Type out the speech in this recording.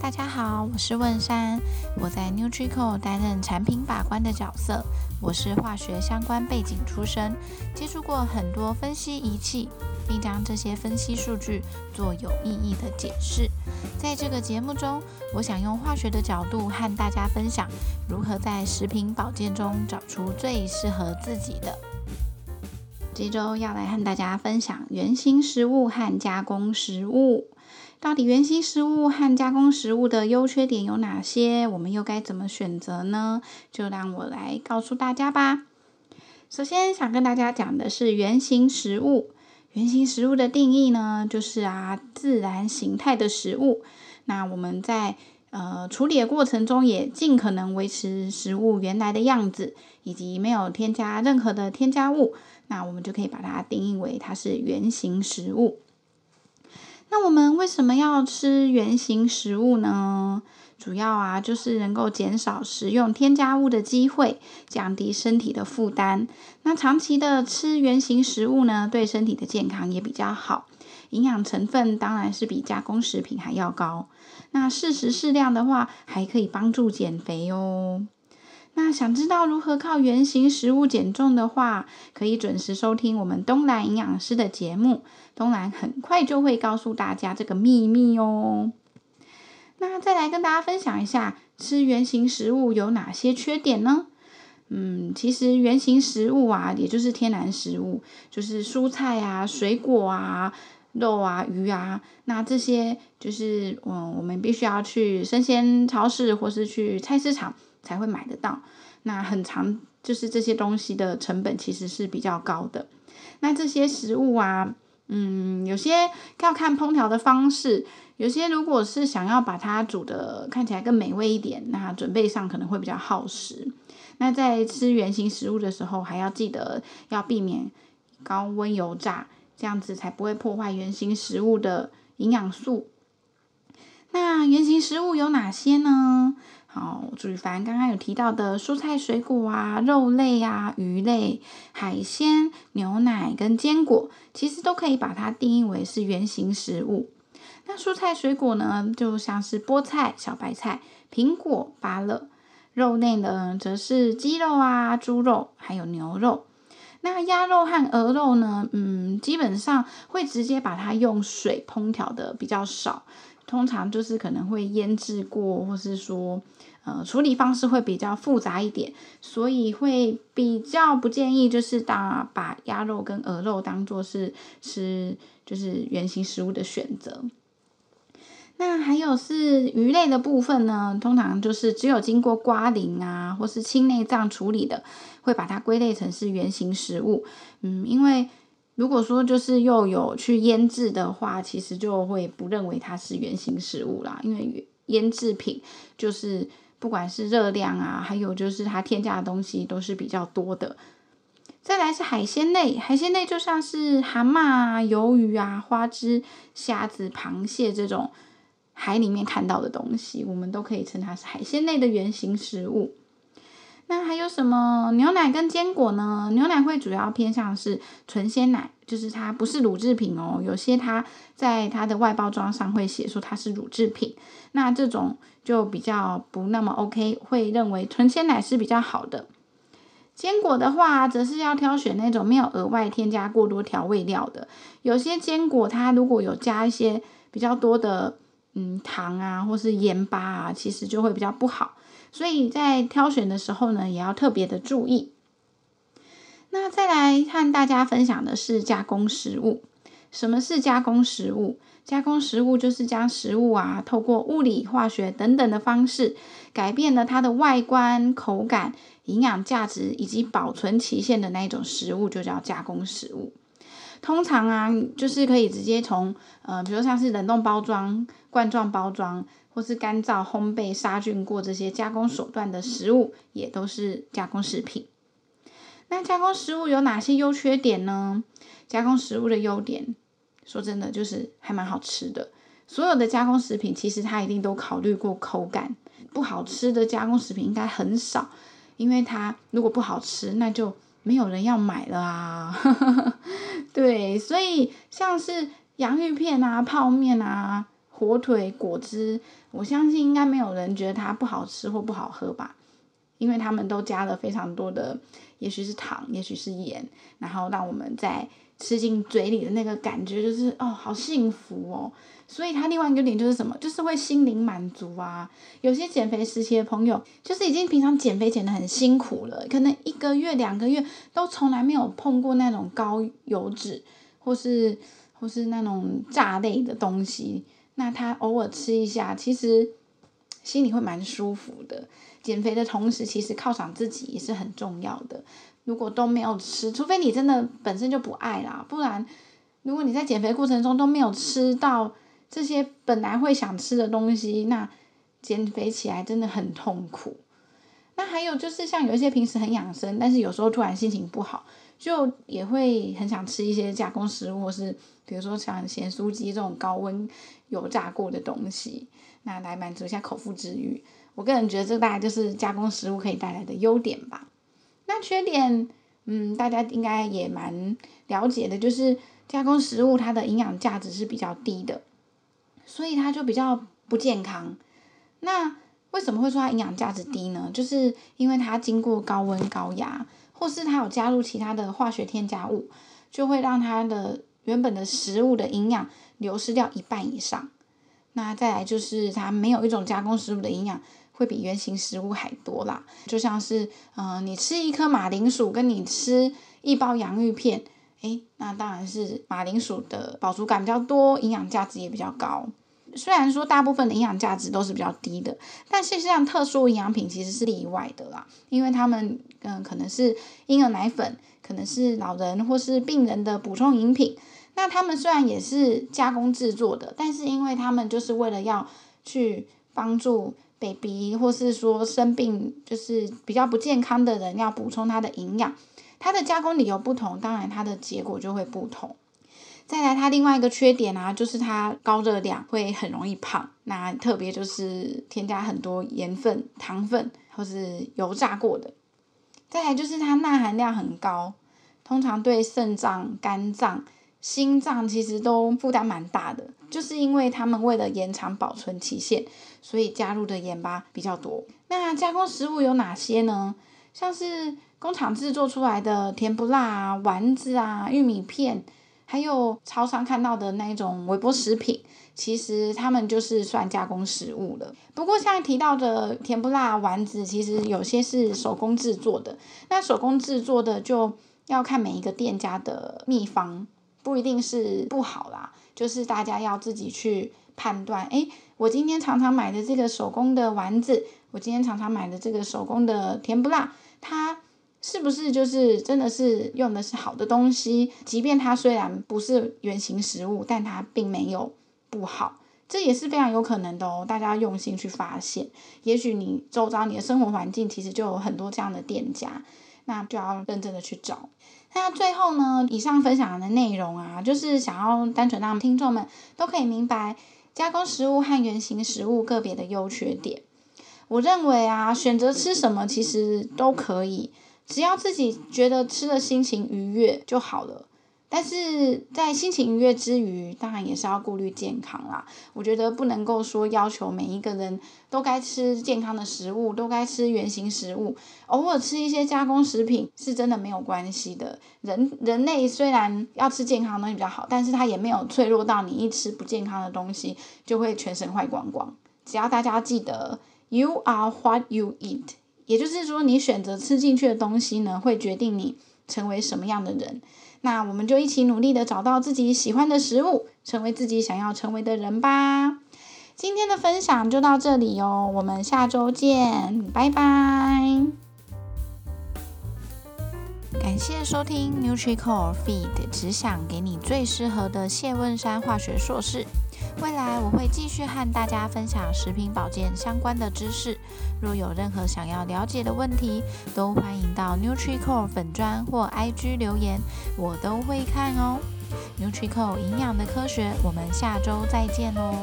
大家好，我是汶珊，我在 NutriCore 擔任產品把關的角色。我是化學相關背景出身，接觸過很多分析儀器，並將這些分析數據做有意義的解釋。在這個節目中，我想用化學的角度和大家分享如何在食品保健中找出最適合自己的。這周要來和大家分享原型食物和加工食物。到底原型食物和加工食物的優缺點有哪些？我們又該怎麼選擇呢？就讓我來告訴大家吧。首先，想跟大家講的是原型食物。原型食物的定義呢，就是啊，自然形態的食物。那我們在呃處理的過程中，也盡可能維持食物原來的樣子，以及沒有添加任何的添加物。那我們就可以把它定義為它是原型食物。那我們為什麼要吃原型食物呢？主要啊，就是能夠減少食用添加物的機會，降低身體的負擔。那長期的吃原型食物呢，對身體的健康也比較好。營養成分當然是比加工食品還要高。那適時適量的話，還可以幫助減肥哦。那想知道如何靠原型食物減重的話，可以準時收聽我們東蘭營養師的節目，東蘭很快就會告訴大家這個秘密哦。那再來跟大家分享一下，吃原型食物有哪些缺點呢？嗯，其實原型食物啊，也就是天然食物，就是蔬菜啊、水果啊。肉啊、魚啊，那這些就是，嗯，我們必須要去生鮮超市或是去菜市場才會買得到。那很常，就是這些東西的成本其實是比較高的。那這些食物啊，嗯，有些要看烹調的方式，有些如果是想要把它煮得看起來更美味一點，那準備上可能會比較耗時。那在吃原型食物的時候，還要記得要避免高溫油炸。這樣子才不會破壞原型食物的營養素。那原型食物有哪些呢？好，我茱萸凡剛剛有提到的蔬菜、水果啊、肉類啊、魚類、海鮮、牛奶跟堅果，其實都可以把它定義為是原型食物。那蔬菜水果呢，就像是菠菜、小白菜、蘋果、芭樂；肉類呢，則是雞肉啊、豬肉，還有牛肉。那鴨肉和鵝肉呢？嗯，基本上會直接把它用水烹調的比較少，通常就是可能會醃制過，或是說，呃，處理方式會比較複雜一點，所以會比較不建議，就是當把鴨肉跟鵝肉當做是是就是原型食物的選擇。那還有是魚類的部分呢，通常就是只有經過刮鱗啊，或是清內臟處理的，會把它歸類成是原型食物。嗯，因為如果說就是又有去醃製的話，其實就會不認為它是原型食物啦，因為醃製品就是不管是熱量啊，還有就是它添加的東西都是比較多的。再來是海鮮類，海鮮類就像是蛤蟆啊、魷魚啊、花枝、蝦子、蝦子、螃蟹這種。海裡面看到的東西，我們都可以稱它是海鮮類的原型食物。那還有什麼牛奶跟堅果呢？牛奶會主要偏向是純鮮奶，就是它不是乳製品哦。有些它在它的外包裝上會寫說它是乳製品，那這種就比較不那麼 OK，會認為純鮮奶是比較好的。堅果的話，則是要挑選那種沒有額外添加過多調味料的。有些堅果它如果有加一些比較多的。嗯，糖啊，或是鹽巴啊，其實就會比較不好，所以在挑選的時候呢，也要特別的注意。那再來和大家分享的是加工食物。什麼是加工食物？加工食物就是將食物啊，透過物理、化學等等的方式，改變了它的外觀、口感、營養價值以及保存期限的那一種食物，就叫加工食物。通常啊，就是可以直接從呃，比如像是冷凍包裝、罐裝包裝，或是乾燥、烘焙、殺菌過這些加工手段的食物，也都是加工食品。那加工食物有哪些優缺點呢？加工食物的優點，說真的就是還蠻好吃的。所有的加工食品其實它一定都考慮過口感，不好吃的加工食品應該很少，因為它如果不好吃，那就沒有人要買了啊。 所以像是洋芋片啊、泡麵啊、火腿果汁，我相信應該沒有人覺得它不好吃或不好喝吧？因為他們都加了非常多的，也許是糖，也許是鹽，然後讓我們在吃進嘴裡的那個感覺就是哦，好幸福哦！所以它另外一個點就是什麼？就是會心靈滿足啊！有些減肥時期的朋友，就是已經平常減肥減得很辛苦了，可能一個月、兩個月都從來沒有碰過那種高油脂。或是或是那種炸類的東西，那他偶爾吃一下，其實心裡會蠻舒服的。減肥的同時，其實犒賞自己也是很重要的。如果都沒有吃，除非你真的本身就不愛啦，不然如果你在減肥過程中都沒有吃到這些本來會想吃的東西，那減肥起來真的很痛苦。那還有就是，像有一些平時很養生，但是有時候突然心情不好，就也會很想吃一些加工食物，或是比如說像鹹酥雞這種高溫油炸過的東西，那來滿足一下口腹之欲。我個人覺得這大概就是加工食物可以帶來的優點吧。那缺點，嗯，大家應該也蠻了解的，就是加工食物它的營養價值是比較低的，所以它就比較不健康。那。為什麼會說它營養價值低呢？就是因為它經過高溫高壓，或是它有加入其他的化學添加物，就會讓它的原本的食物的營養流失掉一半以上。那再來就是它沒有一種加工食物的營養會比原型食物還多啦。就像是，嗯、呃，你吃一顆馬鈴薯，跟你吃一包洋芋片，誒，那當然是馬鈴薯的飽足感比較多，營養價值也比較高。雖然說大部分的營養價值都是比較低的，但事實上特殊營養品其實是例外的啦，因為他們嗯，可能是嬰兒奶粉，可能是老人或是病人的補充飲品。那他們雖然也是加工製作的，但是因為他們就是為了要去幫助 baby 或是說生病，就是比較不健康的人要補充他的營養，他的加工理由不同，當然它的結果就會不同。再來，它另外一個缺點啊，就是它高熱量，會很容易胖。那特別就是添加很多鹽分、糖分，或是油炸過的。再來就是它鈉含量很高，通常對腎臟、肝臟、心臟其實都負擔蠻大的，就是因為他們為了延長保存期限，所以加入的鹽巴比較多。那加工食物有哪些呢？像是工廠製作出來的甜不辣啊、丸子啊、玉米片。還有超商看到的那一種微波食品，其實他們就是算加工食物了。不過現在提到的甜不辣丸子，其實有些是手工制作的。那手工制作的就要看每一個店家的秘方，不一定是不好啦，就是大家要自己去判斷。欸，我今天常常買的這個手工的丸子，我今天常常買的這個手工的甜不辣，它。是不是就是真的是用的是好的東西？即便它雖然不是原型食物，但它並沒有不好，這也是非常有可能的哦。大家用心去發現，也許你周遭你的生活環境其實就有很多這樣的店家，那就要認真的去找。那最後呢，以上分享的內容啊，就是想要單純讓聽眾們都可以明白加工食物和原型食物個別的優缺點。我認為啊，選擇吃什麼其實都可以。只要自己覺得吃的心情愉悅就好了，但是在心情愉悅之餘，當然也是要顧慮健康啦。我覺得不能夠說要求每一個人都該吃健康的食物，都該吃原型食物，偶爾吃一些加工食品是真的沒有關係的。人人類雖然要吃健康的東西比較好，但是它也沒有脆弱到你一吃不健康的東西就會全身壞光光。只要大家要記得，You are what you eat。也就是說，你選擇吃進去的東西呢，會決定你成為什麼樣的人。那我們就一起努力的找到自己喜歡的食物，成為自己想要成為的人吧。今天的分享就到這裡喲、哦，我們下週見，拜拜。感謝收聽 NutriCore Feed，只想給你最適合的謝汶珊化學碩士。未來我會繼續和大家分享食品保健相關的知識。若有任何想要了解的問題，都歡迎到 NutriCore 粉專或 IG 留言，我都會看哦。NutriCore 營養的科學，我們下周再見哦。